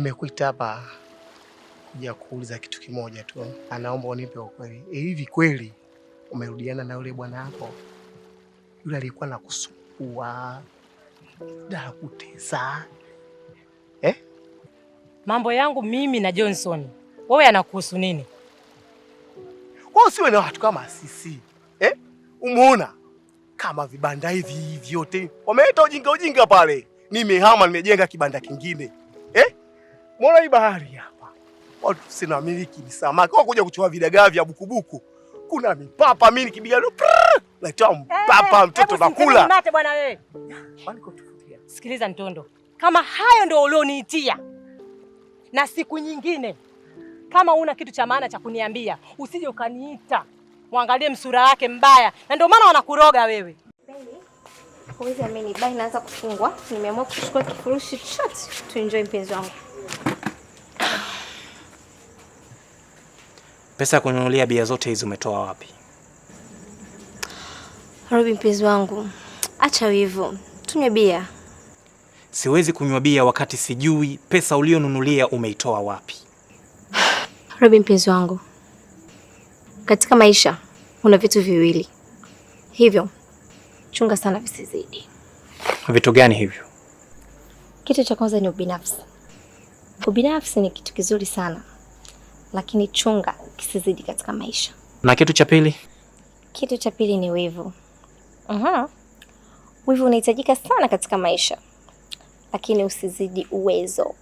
Nimekuita hapa kuja kuuliza kitu kimoja tu, anaomba unipe ukweli. E, hivi kweli umerudiana na yule bwana hapo, yule alikuwa da kutesa eh? Mambo yangu mimi na Johnson, wewe anakuhusu nini? Wewe siwe na watu kama sisi eh? Umeona kama vibanda hivi vyote wameleta ujinga ujinga pale. Nimehama, nimejenga kibanda kingine Mbona hii bahari hapa watu sina miliki ni samaki kuja kuchua vidagaa vya bukubuku, kuna mipapa, mimi nikibiga naitoa eh, mpapa eh, mtoto nakula. Mate bwana wewe. Sikiliza Ntondo, kama hayo ndio ulioniitia, na siku nyingine kama una kitu cha maana cha kuniambia, usije ukaniita. Mwangalie msura wake mbaya, na ndio maana wanakuroga wewe. Naanza kufungwa, nimeamua kuchukua kifurushi chote, tuenjoy mpenzi wangu. Pesa ya kununulia bia zote hizi umetoa wapi? Robi mpenzi wangu, acha hivyo, tunywe bia. Siwezi kunywa bia wakati sijui pesa ulionunulia umeitoa wapi. Robi mpenzi wangu, katika maisha kuna vitu viwili hivyo, chunga sana visizidi. Vitu gani hivyo? Kitu cha kwanza ni ubinafsi. Ubinafsi ni kitu kizuri sana lakini chunga kisizidi katika maisha. Na kitu cha pili, kitu cha pili ni wivu. Uhum. Wivu unahitajika sana katika maisha, lakini usizidi uwezo.